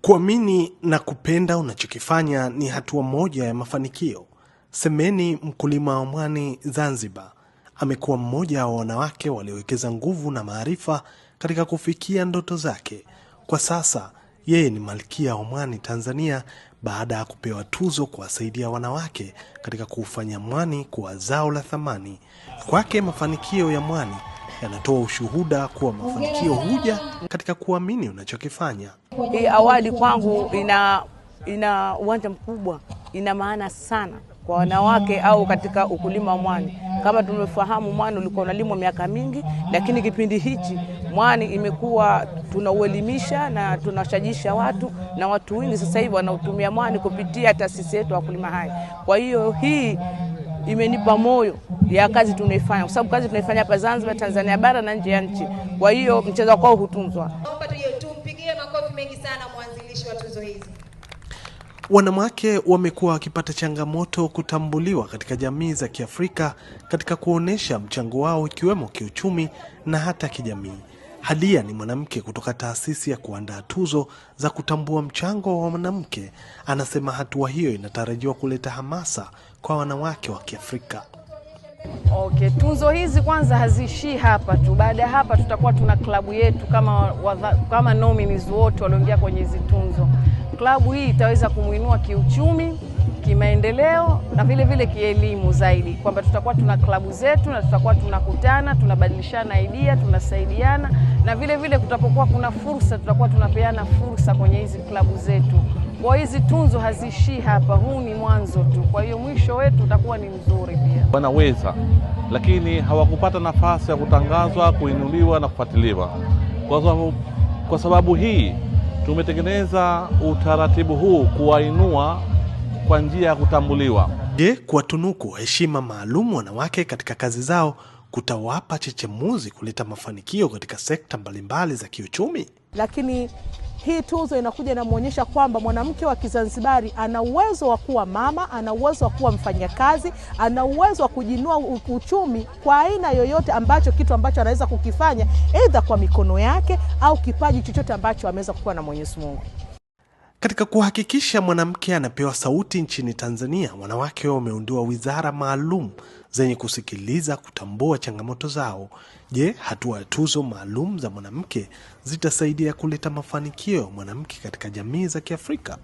Kuamini na kupenda unachokifanya ni hatua moja ya mafanikio. Semeni mkulima wa mwani Zanzibar amekuwa mmoja wa wanawake waliowekeza nguvu na maarifa katika kufikia ndoto zake. Kwa sasa yeye ni malkia wa mwani Tanzania baada ya kupewa tuzo kuwasaidia wanawake katika kuufanya mwani kuwa zao la thamani. Kwake mafanikio ya mwani yanatoa ushuhuda kuwa mafanikio huja katika kuamini unachokifanya. Hii awadi kwangu ina ina uwanja mkubwa, ina maana sana kwa wanawake au katika ukulima wa mwani. Kama tumefahamu, mwani ulikuwa unalimwa miaka mingi, lakini kipindi hichi mwani imekuwa tunauelimisha na tunashajisha watu, na watu wengi sasa hivi wanautumia mwani kupitia taasisi yetu ya wakulima hai. Kwa hiyo hii imenipa moyo ya kazi tunaifanya, kwa sababu kazi tunaifanya hapa Zanzibar, Tanzania bara na nje ya nchi. Kwa hiyo mchezo kwao hutunzwa wa tuzo hizi? Wanawake wamekuwa wakipata changamoto kutambuliwa katika jamii za Kiafrika katika kuonesha mchango wao ikiwemo kiuchumi na hata kijamii. Hadia ni mwanamke kutoka taasisi ya kuandaa tuzo za kutambua mchango wa mwanamke. Anasema hatua hiyo inatarajiwa kuleta hamasa kwa wanawake wa Kiafrika. Okay, tunzo hizi kwanza haziishii hapa tu. Baada ya hapa, tutakuwa tuna klabu yetu kama, wadha, kama nominees wote walioingia kwenye hizi tunzo. Klabu hii itaweza kumwinua kiuchumi, kimaendeleo na vile vile kielimu zaidi, kwamba tutakuwa tuna klabu zetu na tutakuwa tunakutana, tunabadilishana idea, tunasaidiana na vile vile kutapokuwa kuna fursa, tutakuwa tunapeana fursa kwenye hizi klabu zetu kwa hizi tunzo haziishii hapa, huu ni mwanzo tu. Kwa hiyo mwisho wetu utakuwa ni mzuri pia. Wanaweza lakini hawakupata nafasi ya kutangazwa, kuinuliwa na kufuatiliwa. Kwa sababu, kwa sababu hii tumetengeneza utaratibu huu kuwainua kwa njia ya kutambuliwa. Je, kuwatunuku heshima maalum wanawake katika kazi zao kutawapa chechemuzi kuleta mafanikio katika sekta mbalimbali za kiuchumi? Lakini hii tuzo inakuja inamwonyesha kwamba mwanamke wa Kizanzibari ana uwezo wa kuwa mama, ana uwezo wa kuwa mfanyakazi, ana uwezo wa kujinua uchumi kwa aina yoyote, ambacho kitu ambacho anaweza kukifanya, aidha kwa mikono yake au kipaji chochote ambacho ameweza kukuwa na Mwenyezi Mungu. Katika kuhakikisha mwanamke anapewa sauti nchini Tanzania, wanawake wameundiwa wizara maalum zenye kusikiliza, kutambua changamoto zao. Je, hatua tuzo maalum za mwanamke zitasaidia kuleta mafanikio ya mwanamke katika jamii za Kiafrika?